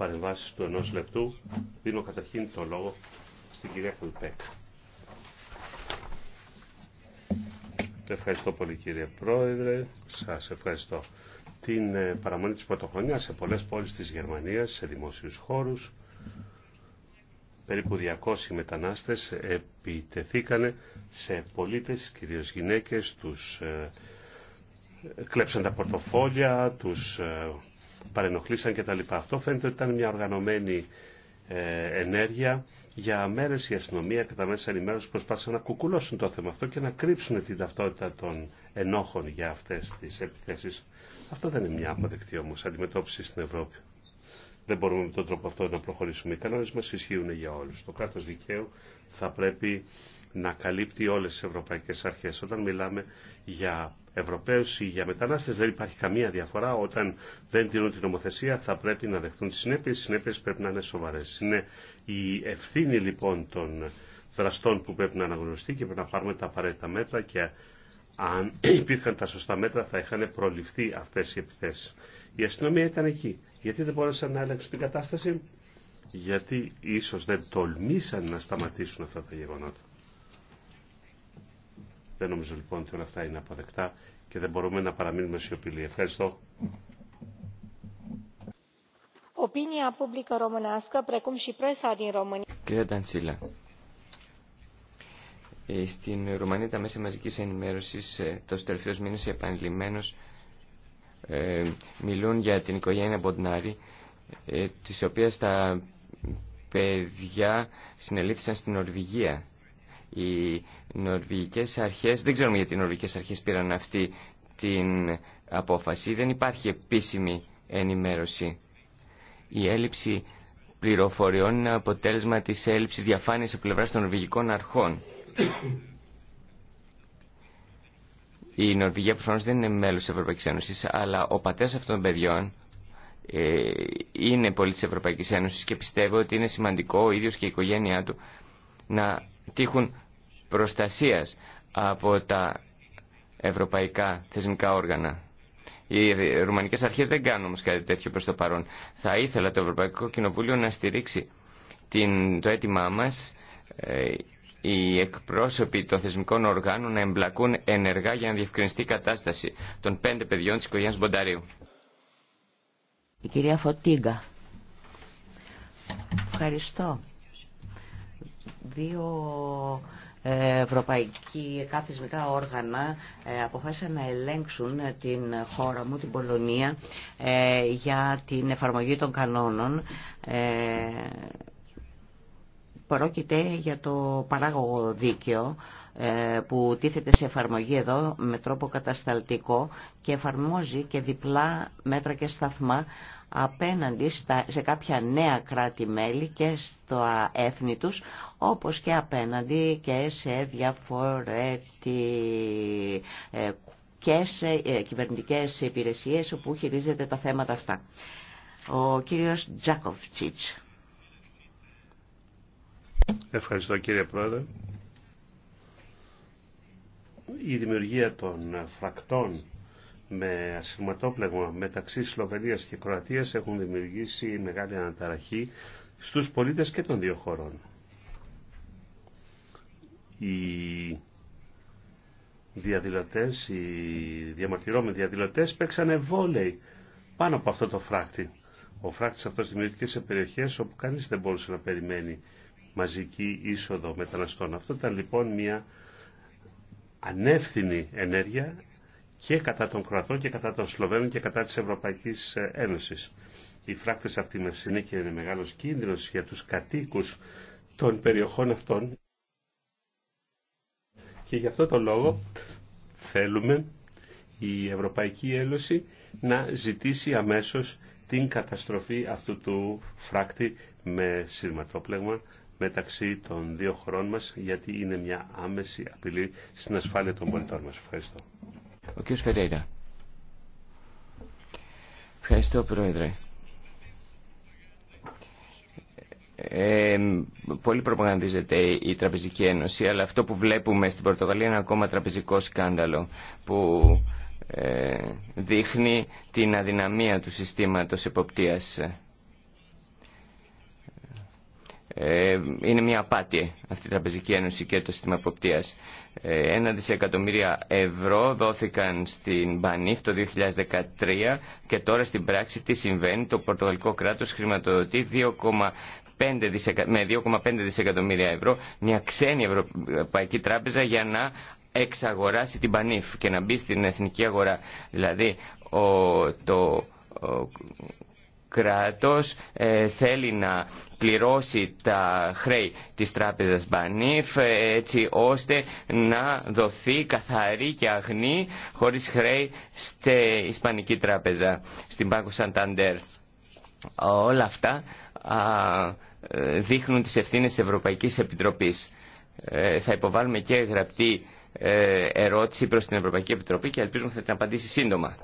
παρεμβάσεις του ενό λεπτού. Δίνω καταρχήν το λόγο στην κυρία Κουλπέκα. Ευχαριστώ πολύ κύριε Πρόεδρε. Σας ευχαριστώ. Την ε, παραμονή της πρωτοχρονία σε πολλές πόλεις της Γερμανίας, σε δημόσιους χώρους, περίπου 200 μετανάστες επιτεθήκανε σε πολίτες, κυρίως γυναίκες, τους ε, κλέψαν τα πορτοφόλια, τους ε, παρενοχλήσαν κτλ. Αυτό φαίνεται ότι ήταν μια οργανωμένη ε, ενέργεια. Για μέρε η αστυνομία και τα μέσα ενημέρωση προσπάθησαν να κουκουλώσουν το θέμα αυτό και να κρύψουν την ταυτότητα των ενόχων για αυτέ τι επιθέσει. Αυτό δεν είναι μια αποδεκτή όμω αντιμετώπιση στην Ευρώπη. Δεν μπορούμε με τον τρόπο αυτό να προχωρήσουμε. Οι κανόνε μα ισχύουν για όλου. Το κράτο δικαίου θα πρέπει να καλύπτει όλε τι ευρωπαϊκέ αρχέ. Όταν μιλάμε για Ευρωπαίου ή για μετανάστε, δεν υπάρχει καμία διαφορά. Όταν δεν τηρούν την νομοθεσία, θα πρέπει να δεχτούν τι συνέπειε. Οι συνέπειε πρέπει να είναι σοβαρέ. Είναι η ευθύνη λοιπόν των δραστών που πρέπει να αναγνωριστεί και πρέπει να πάρουμε τα απαραίτητα μέτρα και αν υπήρχαν τα σωστά μέτρα θα είχαν προληφθεί αυτές οι επιθέσεις. Η αστυνομία ήταν εκεί. Γιατί δεν μπόρεσαν να αλλάξουν την κατάσταση. Γιατί ίσως δεν τολμήσαν να σταματήσουν αυτά τα γεγονότα. Δεν νομίζω λοιπόν ότι όλα αυτά είναι αποδεκτά και δεν μπορούμε να παραμείνουμε σιωπηλοί. Ευχαριστώ. Opinia publică românească, precum și presa din România. Κύριε Τανσίλα, ε, στην Ρουμανία τα μαζικής ενημέρωσης ε, ε, μιλούν για την οικογένεια Μποντνάρη, ε, της τα παιδιά συνελήφθησαν στην Νορβηγία. Οι νορβηγικές αρχές, δεν ξέρουμε γιατί οι νορβηγικές αρχές πήραν αυτή την απόφαση. Δεν υπάρχει επίσημη ενημέρωση. Η έλλειψη πληροφοριών είναι αποτέλεσμα της έλλειψης διαφάνειας από πλευράς των νορβηγικών αρχών. Η Νορβηγία προφανώς δεν είναι μέλος της Ευρωπαϊκής Ένωσης, αλλά ο πατέρας αυτών των παιδιών ε, είναι πολίτης της Ευρωπαϊκής Ένωσης και πιστεύω ότι είναι σημαντικό ο ίδιος και η οικογένειά του να τύχουν προστασίας από τα ευρωπαϊκά θεσμικά όργανα. Οι ρουμανικές αρχέ δεν κάνουν όμω κάτι τέτοιο προ το παρόν. Θα ήθελα το Ευρωπαϊκό Κοινοβούλιο να στηρίξει την, το αίτημά μας ε, οι εκπρόσωποι των θεσμικών οργάνων να εμπλακούν ενεργά για να διευκρινιστεί η κατάσταση των πέντε παιδιών της οικογένειας Μπονταρίου. Η κυρία Φωτίγκα. Ευχαριστώ. Δύο ε, ευρωπαϊκοί καθισμικά όργανα ε, αποφάσισαν να ελέγξουν ε, την χώρα μου, την Πολωνία, για την εφαρμογή των κανόνων Πρόκειται για το παράγωγο δίκαιο ε, που τίθεται σε εφαρμογή εδώ με τρόπο κατασταλτικό και εφαρμόζει και διπλά μέτρα και σταθμά απέναντι σε κάποια νέα κράτη-μέλη και στο έθνη τους, όπως και απέναντι και σε διαφορετικές ε, ε, κυβερνητικές υπηρεσίες όπου χειρίζεται τα θέματα αυτά. Ο κύριος Τζάκοφτσιτς. Ευχαριστώ κύριε Πρόεδρε. Η δημιουργία των φρακτών με ασυρματόπλεγμα μεταξύ Σλοβενίας και Κροατίας έχουν δημιουργήσει μεγάλη αναταραχή στους πολίτες και των δύο χωρών. Οι διαδηλωτές, οι διαμαρτυρώμενοι διαδηλωτές παίξανε βόλεϊ πάνω από αυτό το φράκτη. Ο φράκτης αυτός δημιουργήθηκε σε περιοχές όπου κανείς δεν μπορούσε να περιμένει μαζική είσοδο μεταναστών. Αυτό ήταν λοιπόν μια ανεύθυνη ενέργεια και κατά των Κροατών και κατά των Σλοβαίνων και κατά της Ευρωπαϊκής Ένωσης. Οι φράκτες αυτή με συνέχεια είναι μεγάλος κίνδυνος για τους κατοίκους των περιοχών αυτών και γι' αυτό το λόγο θέλουμε η Ευρωπαϊκή Ένωση να ζητήσει αμέσως την καταστροφή αυτού του φράκτη με σειρματόπλεγμα μεταξύ των δύο χωρών μας γιατί είναι μια άμεση απειλή στην ασφάλεια των πολιτών μας. Ευχαριστώ. Ο κ. Φερέιρα. Ευχαριστώ Πρόεδρε. Ε, πολύ προπαγανδίζεται η Τραπεζική Ένωση, αλλά αυτό που βλέπουμε στην Πορτογαλία είναι ακόμα τραπεζικό σκάνδαλο που ε, δείχνει την αδυναμία του συστήματος εποπτείας ε, είναι μια απάτη αυτή η Τραπεζική Ένωση και το σύστημα εποπτείας. Ε, ένα δισεκατομμύρια ευρώ δόθηκαν στην Μπανίφ το 2013 και τώρα στην πράξη τι συμβαίνει. Το πορτογαλικό κράτος χρηματοδοτεί 2,5 με 2,5 δισεκατομμύρια ευρώ μια ξένη ευρωπαϊκή τράπεζα για να εξαγοράσει την Πανίφ και να μπει στην εθνική αγορά. Δηλαδή το κράτος ε, θέλει να πληρώσει τα χρέη της τράπεζας Μπανίφ ε, έτσι ώστε να δοθεί καθαρή και αγνή χωρίς χρέη στη Ισπανική τράπεζα, στην Πάγκο Σανταντέρ. Όλα αυτά α, ε, δείχνουν τις ευθύνες της Ευρωπαϊκής Επιτροπής. θα υποβάλουμε και γραπτή ερώτηση προς την Ευρωπαϊκή Επιτροπή και ελπίζουμε θα την απαντήσει σύντομα.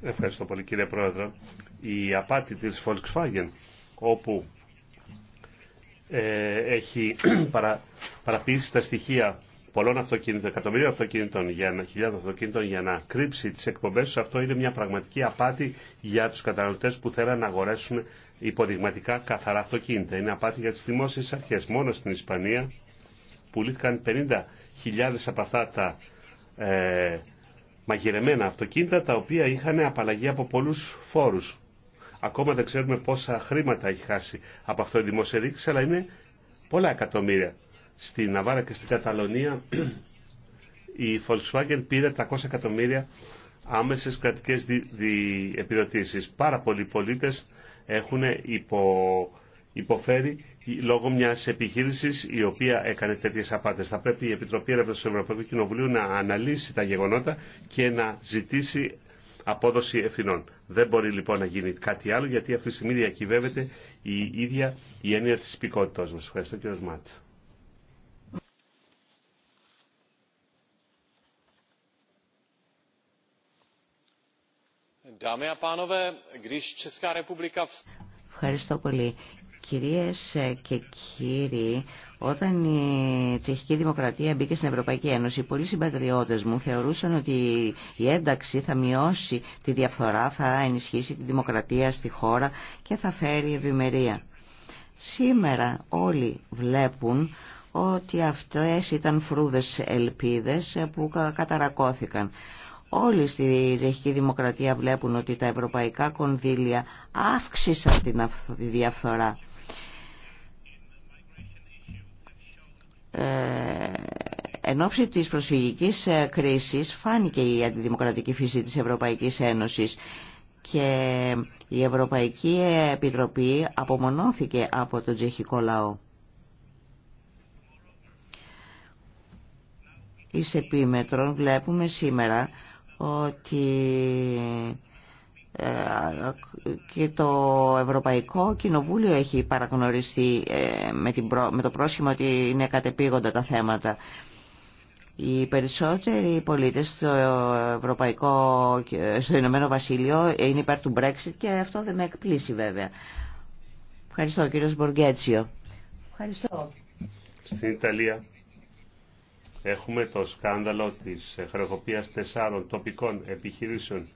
Ευχαριστώ πολύ κύριε Πρόεδρε. Η απάτη της Volkswagen όπου ε, έχει παρα, παραποιήσει τα στοιχεία πολλών αυτοκίνητων, εκατομμυρίων αυτοκίνητων για να, χιλιάδων αυτοκίνητων για να κρύψει τις εκπομπές τους, αυτό είναι μια πραγματική απάτη για τους καταναλωτές που θέλουν να αγοράσουν υποδειγματικά καθαρά αυτοκίνητα. Είναι απάτη για τις δημόσιες αρχές. Μόνο στην Ισπανία πουλήθηκαν 50.000 από αυτά τα ε, μαγειρεμένα αυτοκίνητα τα οποία είχαν απαλλαγή από πολλούς φόρους. Ακόμα δεν ξέρουμε πόσα χρήματα έχει χάσει από αυτό η δημόσια αλλά είναι πολλά εκατομμύρια. Στη Ναβάρα και στην Καταλωνία η Volkswagen πήρε 300 εκατομμύρια άμεσες κρατικές επιδοτήσεις. Πάρα πολλοί πολίτες έχουν υπό υποφέρει λόγω μια επιχείρηση η οποία έκανε τέτοιε απάτε. Θα πρέπει η Επιτροπή Έρευνα του Ευρωπαϊκού Κοινοβουλίου να αναλύσει τα γεγονότα και να ζητήσει απόδοση ευθυνών. Δεν μπορεί λοιπόν να γίνει κάτι άλλο γιατί αυτή τη στιγμή διακυβεύεται η ίδια η έννοια τη υπηκότητά μα. Ευχαριστώ κύριο Μάτ. Ευχαριστώ πολύ. Κυρίες ε, και κύριοι, όταν η τσεχική δημοκρατία μπήκε στην Ευρωπαϊκή Ένωση, πολλοί συμπατριώτες μου θεωρούσαν ότι η ένταξη θα μειώσει τη διαφθορά, θα ενισχύσει τη δημοκρατία στη χώρα και θα φέρει ευημερία. Σήμερα όλοι βλέπουν ότι αυτές ήταν φρούδες ελπίδες που καταρακώθηκαν. Όλοι στη Τσεχική Δημοκρατία βλέπουν ότι τα ευρωπαϊκά κονδύλια αύξησαν τη διαφθορά. Ε, εν ώψη της προσφυγικής ε, κρίσης φάνηκε η αντιδημοκρατική φύση της Ευρωπαϊκής Ένωσης και η Ευρωπαϊκή Επιτροπή απομονώθηκε από τον τσεχικό λαό. Εις επίμετρον βλέπουμε σήμερα ότι ε, και το Ευρωπαϊκό Κοινοβούλιο έχει παραγνωριστεί ε, με το πρόσχημα ότι είναι κατεπήγοντα τα θέματα. Οι περισσότεροι πολίτες στο Ευρωπαϊκό, στο Ηνωμένο Βασίλειο είναι υπέρ του Brexit και αυτό δεν με εκπλήσει βέβαια. Ευχαριστώ κύριος Μποργκέτσιο. Ευχαριστώ. Στην Ιταλία έχουμε το σκάνδαλο της χρεοκοπίας τεσσάρων τοπικών επιχειρήσεων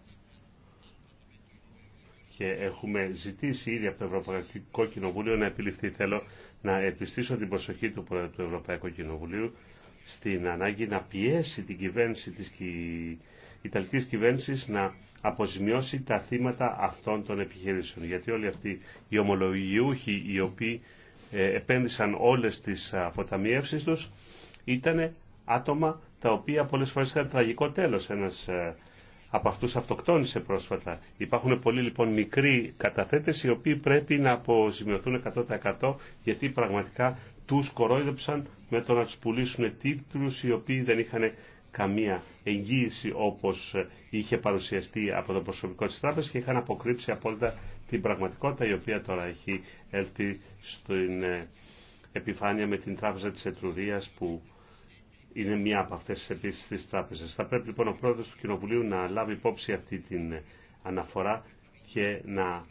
και έχουμε ζητήσει ήδη από το Ευρωπαϊκό Κοινοβούλιο να επιληφθεί. Θέλω να επιστήσω την προσοχή του, Ευρωπαϊκού Κοινοβουλίου στην ανάγκη να πιέσει την κυβέρνηση της Ιταλικής κυβέρνησης να αποζημιώσει τα θύματα αυτών των επιχειρήσεων. Γιατί όλοι αυτοί οι ομολογιούχοι οι οποίοι ε, επένδυσαν όλες τις αποταμιεύσεις τους ήταν άτομα τα οποία πολλές φορές είχαν τραγικό τέλος. Ένας ε, από αυτούς αυτοκτόνησε πρόσφατα. Υπάρχουν πολλοί λοιπόν μικροί καταθέτες οι οποίοι πρέπει να αποζημιωθούν 100% γιατί πραγματικά τους κορόιδεψαν με το να τους πουλήσουν τίτλους οι οποίοι δεν είχαν καμία εγγύηση όπως είχε παρουσιαστεί από το προσωπικό της τράπεζας και είχαν αποκρύψει απόλυτα την πραγματικότητα η οποία τώρα έχει έλθει στην ε, επιφάνεια με την τράπεζα της Ετρουρίας που είναι μία από αυτές επίσης τις τράπεζες. Θα πρέπει λοιπόν ο πρόεδρος του Κοινοβουλίου να λάβει υπόψη αυτή την ε, αναφορά και να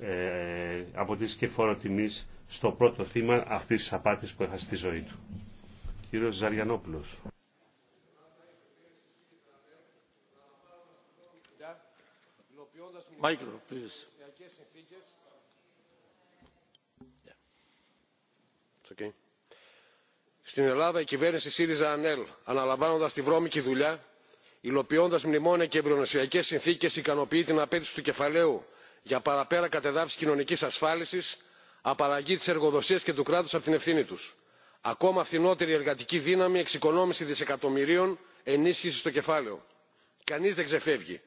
ε, αποτίσει και φόρο τιμή στο πρώτο θύμα αυτής της απάτης που έχασε στη ζωή του. Κύριος Ζαριανόπουλος. Μάικρο, στην ελλάδα η κυβέρνηση σύριζα ανέλ αναλαμβάνοντα τη βρώμικη δουλειά υλοποιώντα μνημόνια και ευρωνοσιακέ συνθήκε ικανοποιεί την απέτηση του κεφαλαίου για παραπέρα κατεδάφιση κοινωνική ασφάλιση απαλλαγή τη εργοδοσία και του κράτου από την ευθύνη του ακόμα φθηνότερη εργατική δύναμη εξοικονόμηση δισεκατομμυρίων ενίσχυση στο κεφάλαιο. κανεί δεν ξεφεύγει.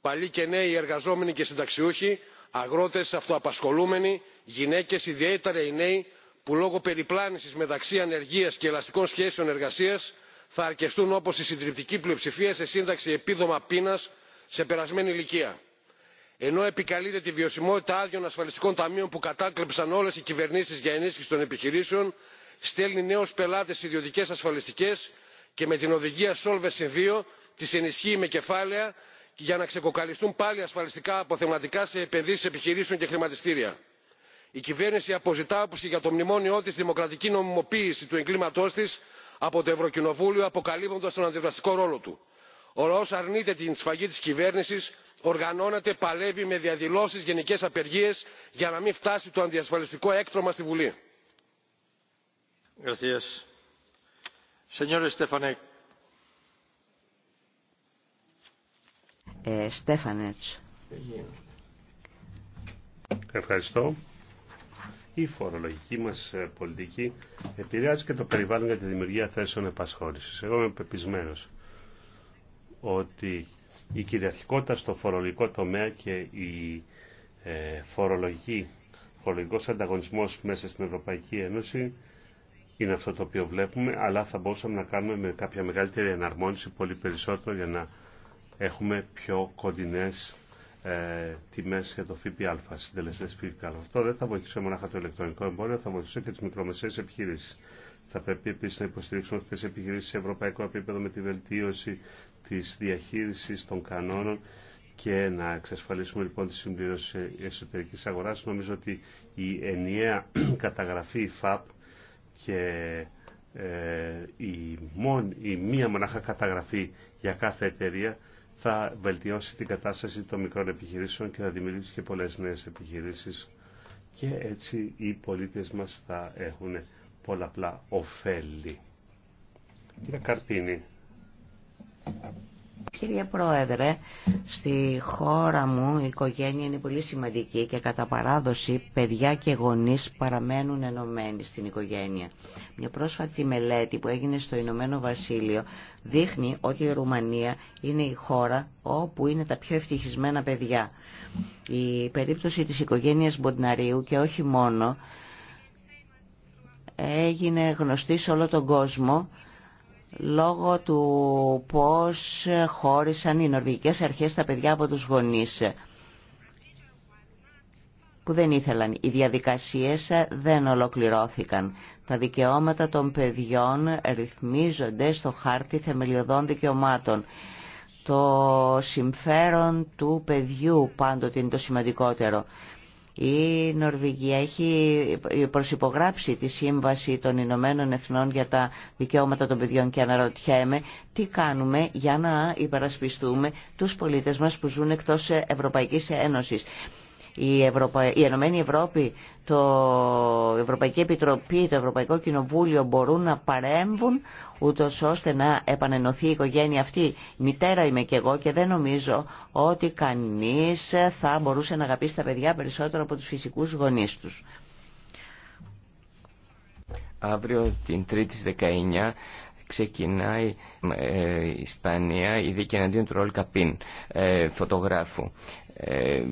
παλιοί και νέοι εργαζόμενοι και συνταξιούχοι αγρότε αυτοαπασχολούμενοι γυναίκε ιδιαίτερα οι νέοι που λόγω περιπλάνησης μεταξύ ανεργίας και ελαστικών σχέσεων εργασίας θα αρκεστούν όπως η συντριπτική πλειοψηφία σε σύνταξη επίδομα πείνας σε περασμένη ηλικία. ενώ επικαλείται τη βιωσιμότητα άδειων ασφαλιστικών ταμείων που κατάκλεψαν όλες οι κυβερνήσεις για ενίσχυση των επιχειρήσεων στέλνει νέους πελάτες σε ιδιωτικές ασφαλιστικές και με την οδηγία solvency ii τις ενισχύει με κεφάλαια για να ξεκοκαλιστούν πάλι ασφαλιστικά αποθεματικά σε επενδύσεις επιχειρήσεων και χρηματιστήρια η κυβέρνηση αποζητά και για το μνημόνιό της δημοκρατική νομιμοποίηση του εγκλήματός της από το ευρωκοινοβούλιο αποκαλύπτοντας τον αντιδραστικό ρόλο του. ο λαός αρνείται την σφαγή της κυβέρνησης οργανώνεται παλεύει με διαδηλώσεις γενικές απεργίες για να μην φτάσει το αντιασφαλιστικό έκτρωμα στη βουλή. Ε, Ευχαριστώ η φορολογική μας ε, πολιτική επηρεάζει και το περιβάλλον για τη δημιουργία θέσεων επασχόλησης. Εγώ είμαι πεπισμένος ότι η κυριαρχικότητα στο φορολογικό τομέα και η ε, φορολογική, φορολογικός ανταγωνισμός μέσα στην Ευρωπαϊκή Ένωση είναι αυτό το οποίο βλέπουμε, αλλά θα μπορούσαμε να κάνουμε με κάποια μεγαλύτερη εναρμόνιση πολύ περισσότερο για να έχουμε πιο κοντινές ε, τιμέ για το ΦΠΑ, συντελεστέ ΦΠΑ. Αυτό δεν θα βοηθήσει μόνο το ηλεκτρονικό εμπόριο, θα βοηθήσει και τι μικρομεσαίε επιχειρήσει. Θα πρέπει επίση να υποστηρίξουμε αυτέ τι επιχειρήσει σε ευρωπαϊκό επίπεδο με τη βελτίωση τη διαχείριση των κανόνων και να εξασφαλίσουμε λοιπόν τη συμπλήρωση εσωτερική αγορά. Νομίζω ότι η ενιαία καταγραφή ΦΑΠ και ε, η, μόνη, η μία μονάχα καταγραφή για κάθε εταιρεία θα βελτιώσει την κατάσταση των μικρών επιχειρήσεων και θα δημιουργήσει και πολλές νέες επιχειρήσεις και έτσι οι πολίτες μας θα έχουν πολλαπλά ωφέλη. Κύριε Καρτίνη. Κύριε Πρόεδρε, στη χώρα μου η οικογένεια είναι πολύ σημαντική και κατά παράδοση παιδιά και γονείς παραμένουν ενωμένοι στην οικογένεια. Μια πρόσφατη μελέτη που έγινε στο Ηνωμένο Βασίλειο δείχνει ότι η Ρουμανία είναι η χώρα όπου είναι τα πιο ευτυχισμένα παιδιά. Η περίπτωση της οικογένειας Μποντναρίου και όχι μόνο έγινε γνωστή σε όλο τον κόσμο λόγω του πώς χώρισαν οι νορβηγικές αρχές τα παιδιά από τους γονείς που δεν ήθελαν. Οι διαδικασίες δεν ολοκληρώθηκαν. Τα δικαιώματα των παιδιών ρυθμίζονται στο χάρτη θεμελιωδών δικαιωμάτων. Το συμφέρον του παιδιού πάντοτε είναι το σημαντικότερο. Η Νορβηγία έχει προσυπογράψει τη Σύμβαση των Ηνωμένων Εθνών για τα Δικαιώματα των Παιδιών και αναρωτιέμαι τι κάνουμε για να υπερασπιστούμε τους πολίτες μας που ζουν εκτός Ευρωπαϊκής Ένωσης η, Ευρωπα... η Ευρώπη, το Ευρωπαϊκή Επιτροπή, το Ευρωπαϊκό Κοινοβούλιο μπορούν να παρέμβουν ούτω ώστε να επανενωθεί η οικογένεια αυτή. Μητέρα είμαι και εγώ και δεν νομίζω ότι κανείς θα μπορούσε να αγαπήσει τα παιδιά περισσότερο από τους φυσικούς γονείς τους. Αύριο την 3η 19 ξεκινάει ε, η Ισπανία η δίκη εναντίον του Ρόλ Καπίν, ε, φωτογράφου. Ε,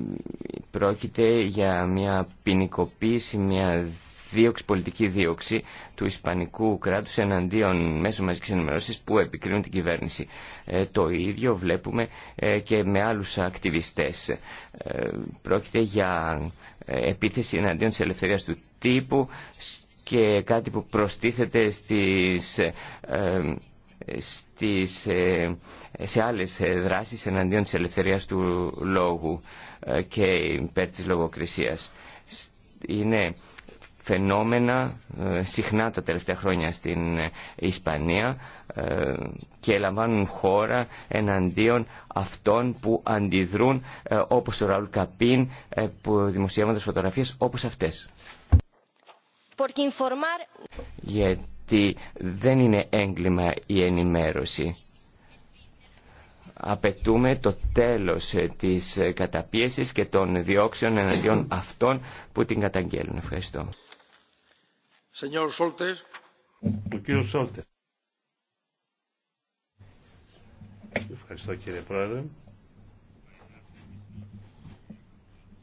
πρόκειται για μια ποινικοποίηση, μια δίωξη, πολιτική δίωξη του Ισπανικού κράτους εναντίον μέσω μαζικής ενημερώσεις που επικρίνουν την κυβέρνηση. Ε, το ίδιο βλέπουμε ε, και με άλλους ακτιβιστές. πρόκειται για επίθεση εναντίον της ελευθερίας του τύπου και κάτι που προστίθεται στις στις, ε, σε άλλες ε, δράσεις εναντίον της ελευθερίας του λόγου ε, και υπέρ της λογοκρισίας. Είναι φαινόμενα συχνά τα τελευταία χρόνια στην Ισπανία και λαμβάνουν χώρα εναντίον αυτών που αντιδρούν όπως ο Ραούλ Καπίν που δημοσιεύοντας φωτογραφίες όπως αυτές. Γιατί ότι δεν είναι έγκλημα η ενημέρωση. Απαιτούμε το τέλος της καταπίεσης και των διώξεων εναντίον αυτών που την καταγγέλνουν. Ευχαριστώ. Ο κύριος Σόλτε. Ευχαριστώ κύριε Πρόεδρε.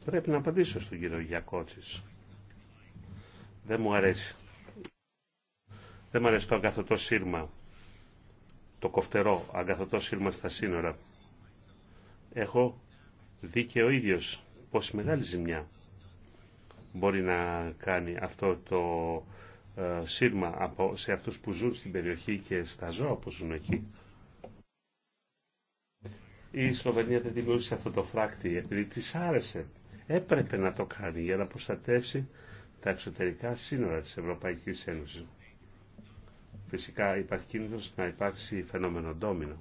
Πρέπει να απαντήσω στον κύριο Γιακότσης. Δεν μου αρέσει δεν μ' αρέσει το αγκαθωτό σύρμα, το κοφτερό αγκαθωτό σύρμα στα σύνορα. Έχω δει και ο ίδιος πως μεγάλη ζημιά μπορεί να κάνει αυτό το ε, σύρμα σε αυτούς που ζουν στην περιοχή και στα ζώα που ζουν εκεί. Η Σλοβενία δεν δημιούργησε αυτό το φράκτη επειδή της άρεσε. Έπρεπε να το κάνει για να προστατεύσει τα εξωτερικά σύνορα της Ευρωπαϊκής Ένωσης. Φυσικά υπάρχει κίνδυνος να υπάρξει φαινόμενο ντόμινο.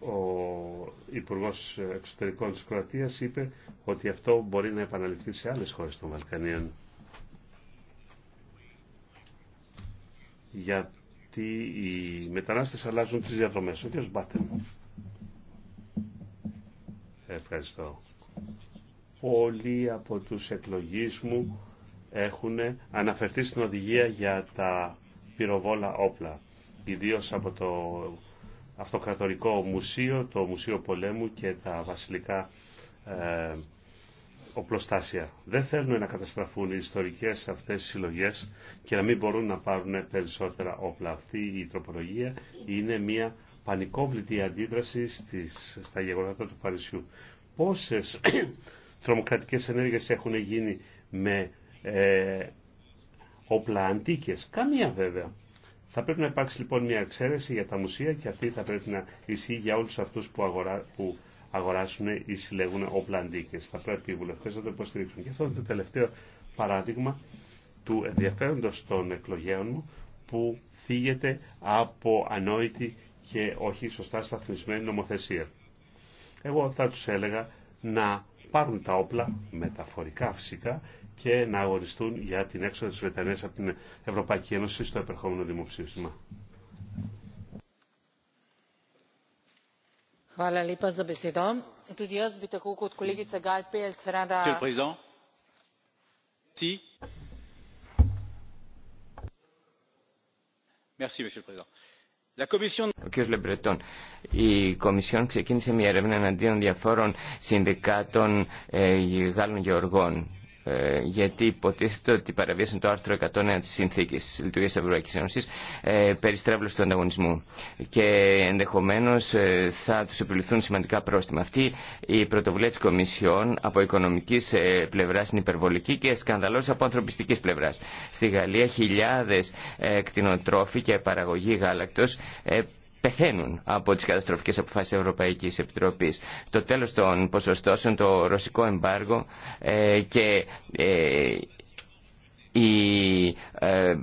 ο Υπουργό Εξωτερικών της Κροατίας είπε ότι αυτό μπορεί να επαναληφθεί σε άλλες χώρες των Βαλκανίων. Γιατί οι μετανάστες αλλάζουν τις διαδρομές. Ο κ. Μπάτεν. Ευχαριστώ. Πολλοί από τους εκλογείς μου έχουν αναφερθεί στην οδηγία για τα πυροβόλα όπλα, ιδίως από το Αυτοκρατορικό Μουσείο, το Μουσείο Πολέμου και τα Βασιλικά ε, Οπλοστάσια. Δεν θέλουν να καταστραφούν οι ιστορικές αυτές συλλογές και να μην μπορούν να πάρουν περισσότερα όπλα. Αυτή η τροπολογία είναι μια πανικόβλητη αντίδραση στις, στα γεγονότα του Παρισιού. Πόσες τρομοκρατικές ενέργειες έχουν γίνει με ε, όπλα αντίκες. Καμία βέβαια. Θα πρέπει να υπάρξει λοιπόν μια εξαίρεση για τα μουσεία και αυτή θα πρέπει να ισχύει για όλους αυτούς που, αγορά, που αγοράσουν ή συλλέγουν όπλα αντίκες. Θα πρέπει οι βουλευτές να το υποστηρίξουν. Και αυτό είναι το τελευταίο παράδειγμα του ενδιαφέροντος των εκλογέων μου που θίγεται από ανόητη και όχι σωστά σταθμισμένη νομοθεσία. Εγώ θα τους έλεγα να πάρουν τα όπλα, μεταφορικά φυσικά, και να αγοριστούν για την έξοδο της Βρετανίας από την Ευρωπαϊκή Ένωση στο επερχόμενο δημοψήφισμα. Merci, Monsieur le ο κ. Λεμπρετών, η Κομισιόν ξεκίνησε μια έρευνα εναντίον διαφόρων συνδικάτων ε, Γάλλων Γεωργών ε, γιατί υποτίθεται ότι παραβίασαν το άρθρο 101 της Συνθήκης της Λειτουργίας της Ευρωπαϊκής Ένωσης ε, του ανταγωνισμού και ενδεχομένως ε, θα τους επιβληθούν σημαντικά πρόστιμα. Αυτή η πρωτοβουλία της Κομισιόν από οικονομικής ε, πλευράς είναι υπερβολική και σκανδαλώδης από ανθρωπιστικής πλευράς. Στη Γαλλία χιλιάδες ε, κτηνοτρόφοι και παραγωγή γάλακτος ε, πεθαίνουν από τις καταστροφικές αποφάσεις Ευρωπαϊκής Επιτροπής. Το τέλος των ποσοστώσεων, το ρωσικό εμπάργο ε, και ε, οι, ε,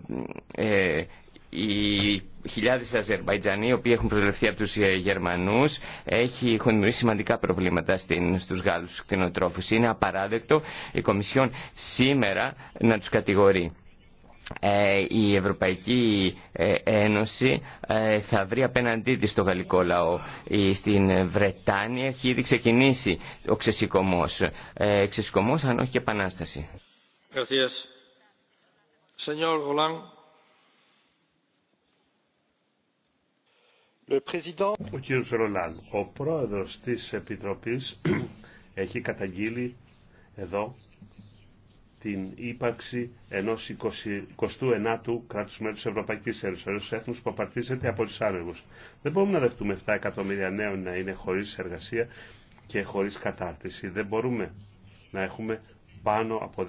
ε, οι χιλιάδες Αζερβαϊτζανοί, οι οποίοι έχουν προσληφθεί από τους Γερμανούς, έχουν δημιουργήσει σημαντικά προβλήματα στην, στους Γάλλους κτηνοτρόφους. Είναι απαράδεκτο η Κομισιόν σήμερα να τους κατηγορεί. Ε, η Ευρωπαϊκή ε, Ένωση ε, θα βρει απέναντί της το γαλλικό λαό. Στην Βρετάνια έχει ήδη ξεκινήσει ο ξεσηκωμός. Ξεσηκωμός αν όχι και επανάσταση. Ο κύριος Ρολάν, ο πρόεδρος της Επιτροπής έχει καταγγείλει εδώ την ύπαρξη ενός 29ου κράτους μέλους Ευρωπαϊκής Ένωσης, έθνους που απαρτίζεται από τους άνεργους. Δεν μπορούμε να δεχτούμε 7 εκατομμύρια νέων να είναι χωρίς εργασία και χωρίς κατάρτιση. Δεν μπορούμε να έχουμε πάνω από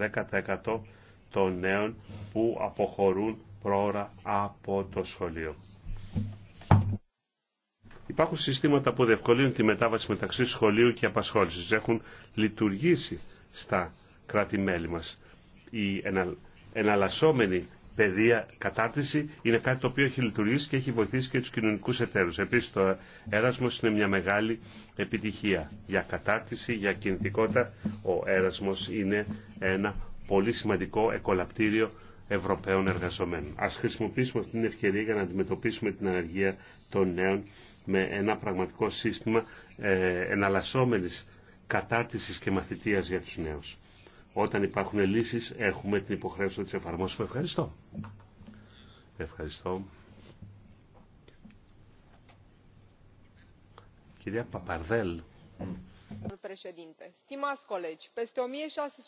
10% των νέων που αποχωρούν πρόωρα από το σχολείο. Υπάρχουν συστήματα που διευκολύνουν τη μετάβαση μεταξύ σχολείου και απασχόλησης. Έχουν λειτουργήσει στα κράτη-μέλη μας. Η εναλλασσόμενη παιδεία, κατάρτιση είναι κάτι το οποίο έχει λειτουργήσει και έχει βοηθήσει και τους κοινωνικούς εταίρους. Επίσης το έρασμος είναι μια μεγάλη επιτυχία για κατάρτιση, για κινητικότητα. Ο έρασμος είναι ένα πολύ σημαντικό εκολαπτήριο Ευρωπαίων εργαζομένων. Ας χρησιμοποιήσουμε αυτή την ευκαιρία για να αντιμετωπίσουμε την ανεργία των νέων με ένα πραγματικό σύστημα ε, εναλλασσόμενης κατάρτισης και μαθητείας για τους νέους. Όταν υπάρχουν λύσεις έχουμε την υποχρέωση να τις εφαρμόσουμε. Ευχαριστώ. Ευχαριστώ. Κυρία Παπαρδέλ.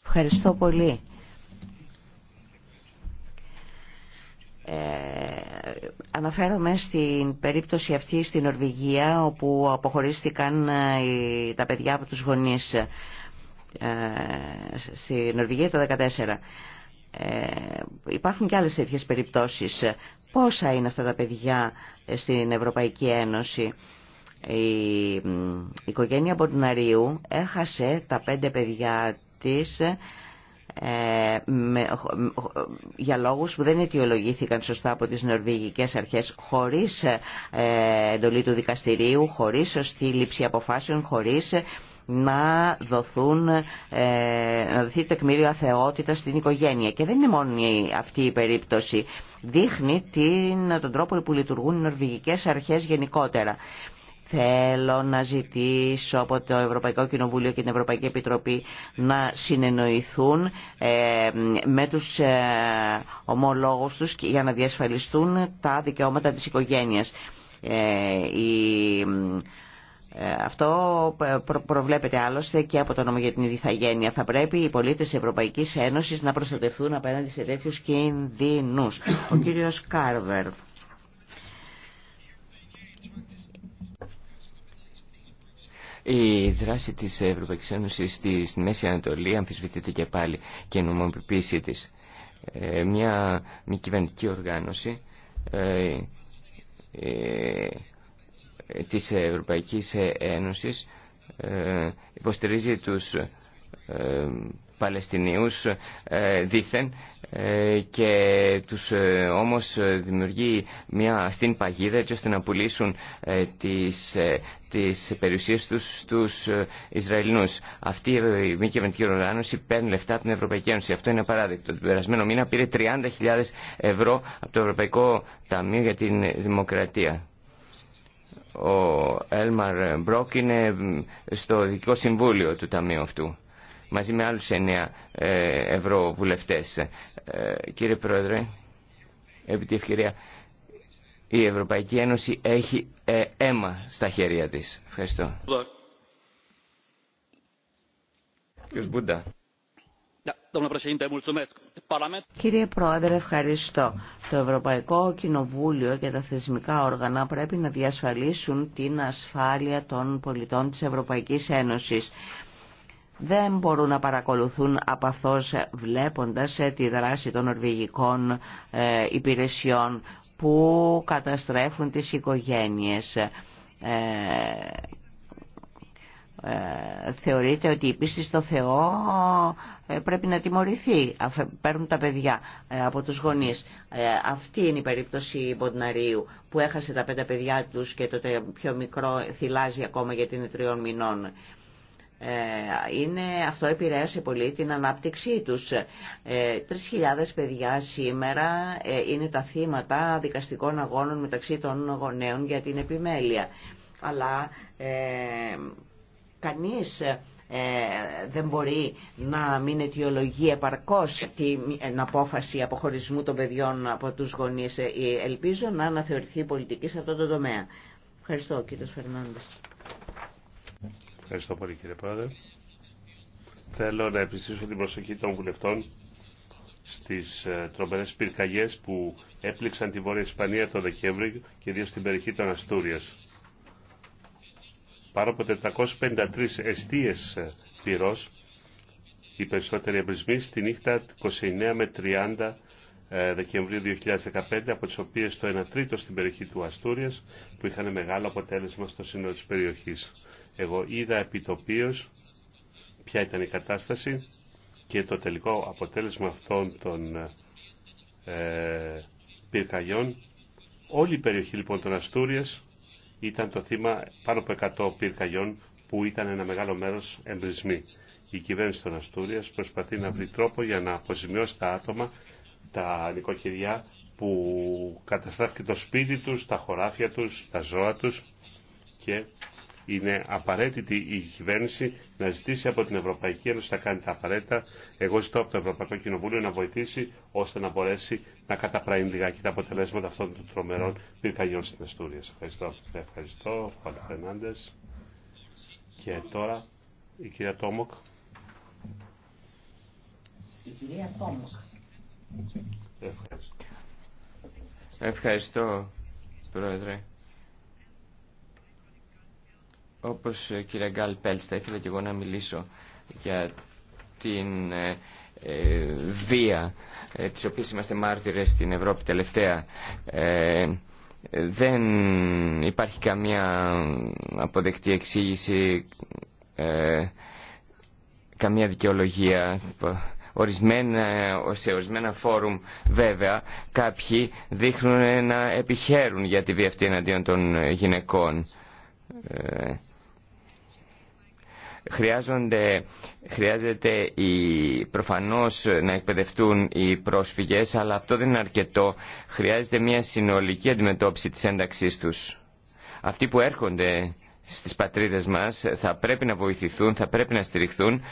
Ευχαριστώ πολύ. Ε, αναφέρομαι στην περίπτωση αυτή στην Ορβηγία, όπου αποχωρίστηκαν ε, τα παιδιά από τους γονείς. Ε, στη Νορβηγία το 2014. Ε, υπάρχουν και άλλες τέτοιε περιπτώσεις. Πόσα είναι αυτά τα παιδιά στην Ευρωπαϊκή Ένωση. Η οικογένεια Μπορναρίου έχασε τα πέντε παιδιά της ε, για λόγους που δεν αιτιολογήθηκαν σωστά από τις νορβηγικές αρχές χωρίς εντολή του δικαστηρίου, χωρίς σωστή λήψη αποφάσεων, χωρίς να, δοθούν, ε, να δοθεί τεκμήριο αθεότητα στην οικογένεια. Και δεν είναι μόνο αυτή η περίπτωση. Δείχνει την, τον τρόπο που λειτουργούν οι νορβηγικές αρχές γενικότερα. Θέλω να ζητήσω από το Ευρωπαϊκό Κοινοβούλιο και την Ευρωπαϊκή Επιτροπή να συνεννοηθούν ε, με τους ε, ομολόγους τους για να διασφαλιστούν τα δικαιώματα της οικογένειας. Ε, αυτό προβλέπεται άλλωστε και από το νόμο για την ηθαγένεια. Θα πρέπει οι πολίτε της Ευρωπαϊκής Ένωσης να προστατευτούν απέναντι σε τέτοιου κινδύνου. Ο κύριος Κάρβερ. Η δράση της Ευρωπαϊκής Ένωσης στη Μέση Ανατολή αμφισβητείται και πάλι και η νομοποίησή της. Ε, μια μη κυβερνητική οργάνωση ε, ε της Ευρωπαϊκής Ένωσης ε, υποστηρίζει τους ε, Παλαιστινίους ε, δήθεν και τους όμως δημιουργεί μια στην παγίδα έτσι ώστε να πουλήσουν τις, τις περιουσίες τους στους Ισραηλινούς. Αυτή η μη κυβερνητική οργάνωση παίρνει λεφτά από την Ευρωπαϊκή Ένωση. Αυτό είναι παράδειγμα Τον περασμένο μήνα πήρε 30.000 ευρώ από το Ευρωπαϊκό Ταμείο για την Δημοκρατία. Ο Έλμαρ Μπρόκ είναι στο δικό Συμβούλιο του Ταμείου αυτού, μαζί με άλλους εννέα ε, ευρωβουλευτές. Ε, κύριε Πρόεδρε, επί τη ευκαιρία, η Ευρωπαϊκή Ένωση έχει ε, αίμα στα χέρια της. Ευχαριστώ. Κύριος Μπούντα. Κύριε Πρόεδρε, ευχαριστώ. Το Ευρωπαϊκό Κοινοβούλιο και τα θεσμικά όργανα πρέπει να διασφαλίσουν την ασφάλεια των πολιτών της Ευρωπαϊκής Ένωσης. Δεν μπορούν να παρακολουθούν απαθώς βλέποντας τη δράση των νορβηγικών ε, υπηρεσιών που καταστρέφουν τις οικογένειες ε, ε, θεωρείται ότι η πίστη στο Θεό ε, πρέπει να τιμωρηθεί. Παίρνουν τα παιδιά ε, από τους γονείς. Αυτή είναι η περίπτωση Μποντναρίου που έχασε τα πέντε παιδιά τους και το πιο μικρό θυλάζει ακόμα γιατί είναι τριών μηνών. Είναι, αυτό επηρέασε πολύ την ανάπτυξή τους. Τρεις χιλιάδες παιδιά σήμερα είναι τα θύματα δικαστικών αγώνων μεταξύ των γονέων για την επιμέλεια. Αλλά Κανείς ε, δεν μπορεί να μην αιτιολογεί επαρκώς την ε, απόφαση αποχωρισμού των παιδιών από τους γονείς. Ε, ελπίζω να αναθεωρηθεί η πολιτική σε αυτό το τομέα. Ευχαριστώ κύριε Φερνάνδης. Ευχαριστώ πολύ κύριε Πρόεδρε. Θέλω να επιστήσω την προσοχή των βουλευτών στις τρομερές πυρκαγιές που έπληξαν τη Βόρεια Ισπανία το Δεκέμβριο και ιδίως στην περιοχή των Αστούριας πάνω από 453 εστίες ε, πυρός, οι περισσότεροι εμπρισμοί στη νύχτα 29 με 30 ε, Δεκεμβρίου 2015, από τις οποίες το 1 τρίτο στην περιοχή του Αστούριας, που είχαν μεγάλο αποτέλεσμα στο σύνολο της περιοχής. Εγώ είδα επιτοπίως ποια ήταν η κατάσταση και το τελικό αποτέλεσμα αυτών των ε, ε πυρκαγιών. Όλη η περιοχή λοιπόν των Αστούριας ήταν το θύμα πάνω από 100 πυρκαγιών που ήταν ένα μεγάλο μέρος εμπρισμοί. Η κυβέρνηση των Αστούριας προσπαθεί να βρει τρόπο για να αποζημιώσει τα άτομα, τα νοικοκυριά που καταστράφηκε το σπίτι τους, τα χωράφια τους, τα ζώα τους και είναι απαραίτητη η κυβέρνηση να ζητήσει από την Ευρωπαϊκή Ένωση να κάνει τα απαραίτητα. Εγώ ζητώ από το Ευρωπαϊκό Κοινοβούλιο να βοηθήσει ώστε να μπορέσει να καταπραίνει λιγάκι τα αποτελέσματα αυτών των τρομερών πυρκαγιών στην Αστούρια. Ευχαριστώ. Ευχαριστώ. Και τώρα η κυρία Τόμοκ. Η κυρία Τόμοκ. Ευχαριστώ. Ευχαριστώ, Πρόεδρε. Όπως η ε, κυρία Γκάλ Πέλτς, θα ήθελα και εγώ να μιλήσω για την ε, ε, βία της οποίας είμαστε μάρτυρες στην Ευρώπη τελευταία. Δεν υπάρχει καμία αποδεκτή εξήγηση, καμία δικαιολογία. Ορισμένα, σε ορισμένα φόρουμ βέβαια κάποιοι δείχνουν να επιχαίρουν για τη βία αυτή εναντίον των γυναικών. Χρειάζονται, χρειάζεται η, προφανώς να εκπαιδευτούν οι πρόσφυγες, αλλά αυτό δεν είναι αρκετό. Χρειάζεται μια συνολική αντιμετώπιση της ένταξής τους. Αυτοί που έρχονται στις πατρίδες μας θα πρέπει να βοηθηθούν, θα πρέπει να στηριχθούν,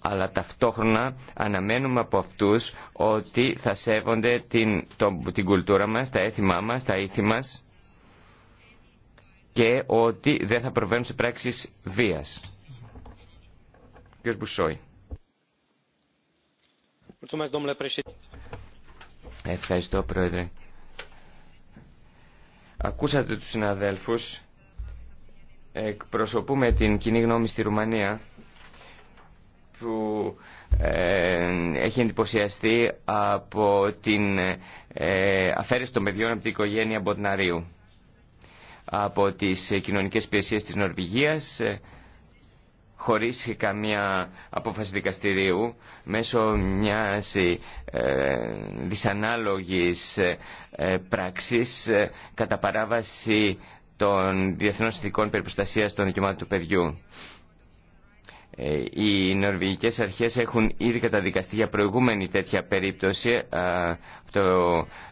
αλλά ταυτόχρονα αναμένουμε από αυτούς ότι θα σέβονται την, το, την κουλτούρα μας, τα έθιμά μας, τα ήθη μας και ότι δεν θα προβαίνουν σε πράξεις βίας. Ευχαριστώ, Πρόεδρε. Ακούσατε τους συναδέλφους. Εκπροσωπούμε την κοινή γνώμη στη Ρουμανία που ε, έχει εντυπωσιαστεί από την ε, αφαίρεση των παιδιών από την οικογένεια Μποτναρίου από τις κοινωνικές υπηρεσίες της Νορβηγίας ε, χωρίς καμία απόφαση δικαστηρίου μέσω μιας ε, δυσανάλογης ε, ε πράξης ε, κατά παράβαση των διεθνών συνθηκών περιπροστασίας των δικαιωμάτων του παιδιού. Ε, οι νορβηγικές αρχές έχουν ήδη καταδικαστεί για προηγούμενη τέτοια περίπτωση ε, από το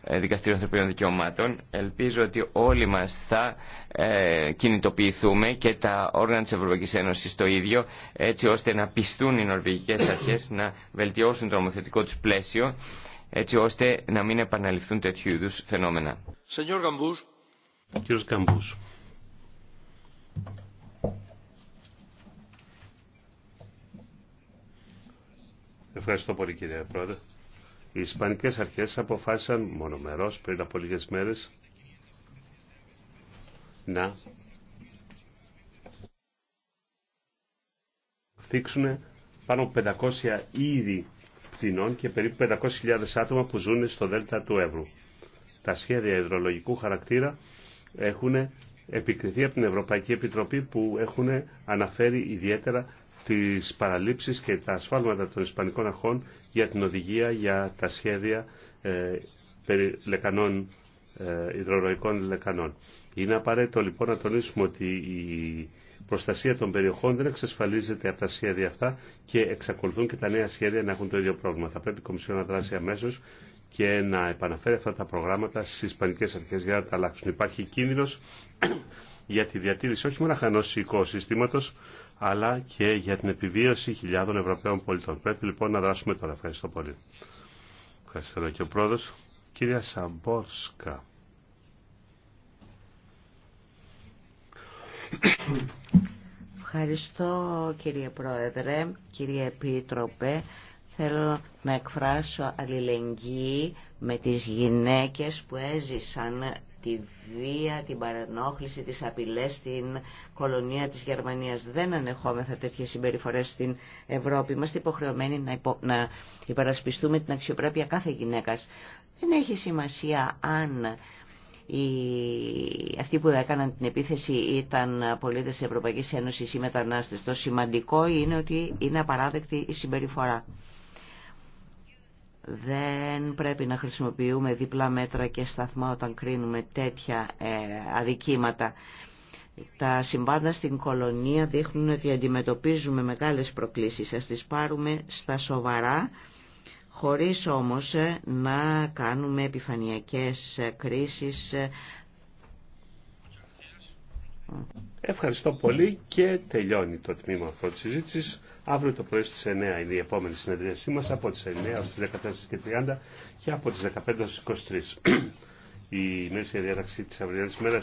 ε, Δικαστήριο Ανθρωπίνων Δικαιωμάτων. Ελπίζω ότι όλοι μας θα κινητοποιηθούμε και τα όργανα της Ευρωπαϊκής Ένωσης το ίδιο έτσι ώστε να πιστούν οι νορβηγικές αρχές να βελτιώσουν το νομοθετικό τους πλαίσιο έτσι ώστε να μην επαναληφθούν τέτοιου είδου φαινόμενα. Κύριος Ευχαριστώ πολύ κύριε Πρόεδρε. Οι Ισπανικές αρχές αποφάσισαν μονομερός πριν από λίγες μέρες να θίξουν πάνω από 500 είδη πτηνών και περίπου 500.000 άτομα που ζουν στο δέλτα του Εύρου. Τα σχέδια υδρολογικού χαρακτήρα έχουν επικριθεί από την Ευρωπαϊκή Επιτροπή που έχουν αναφέρει ιδιαίτερα τις παραλήψεις και τα ασφάλματα των Ισπανικών αρχών για την οδηγία για τα σχέδια ε, περί λεκανών, ε, υδροροϊκών λεκανών. Είναι απαραίτητο λοιπόν να τονίσουμε ότι η προστασία των περιοχών δεν εξασφαλίζεται από τα σχέδια αυτά και εξακολουθούν και τα νέα σχέδια να έχουν το ίδιο πρόβλημα. Θα πρέπει η Κομισιόν να δράσει αμέσω και να επαναφέρει αυτά τα προγράμματα στι Ισπανικέ Αρχέ για να τα αλλάξουν. Υπάρχει κίνδυνο για τη διατήρηση όχι μόνο ενό συστήματο αλλά και για την επιβίωση χιλιάδων Ευρωπαίων πολιτών. Πρέπει λοιπόν να δράσουμε τώρα. Ευχαριστώ πολύ. Ευχαριστώ και ο πρόεδρος. Κυρία Σαμπόρσκα. Ευχαριστώ κύριε Πρόεδρε, κύριε Επίτροπε. Θέλω να εκφράσω αλληλεγγύη με τις γυναίκες που έζησαν τη βία, την παρανόχληση, τις απειλές στην κολονία της Γερμανίας. Δεν ανεχόμεθα τέτοιες συμπεριφορές στην Ευρώπη. Είμαστε υποχρεωμένοι να, υπο... να υπερασπιστούμε την αξιοπρέπεια κάθε γυναίκας. Δεν έχει σημασία αν οι... αυτοί που έκαναν την επίθεση ήταν πολίτες της Ευρωπαϊκής Ένωσης ή μετανάστες. Το σημαντικό είναι ότι είναι απαράδεκτη η συμπεριφορά. Δεν πρέπει να χρησιμοποιούμε δίπλα μέτρα και σταθμά όταν κρίνουμε τέτοια ε, αδικήματα. Τα συμβάντα στην κολονία δείχνουν ότι αντιμετωπίζουμε μεγάλες προκλήσεις. Ας τις πάρουμε στα σοβαρά, χωρίς όμως ε, να κάνουμε επιφανειακές ε, κρίσεις Ευχαριστώ πολύ και τελειώνει το τμήμα αυτό τη συζήτηση. Αύριο το πρωί στι 9 είναι η επόμενη συνεδρίασή μα από τι 9 τι 14.30 και από τι 15 τι 23. Η μέση διάταξη τη αυριανή μέρα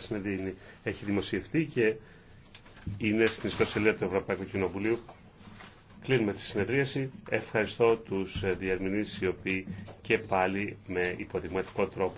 έχει δημοσιευτεί και είναι στην ιστοσελίδα του Ευρωπαϊκού Κοινοβουλίου. Κλείνουμε τη συνεδρίαση. Ευχαριστώ τους ε, διερμηνείς οι οποίοι και πάλι με υποδειγματικό τρόπο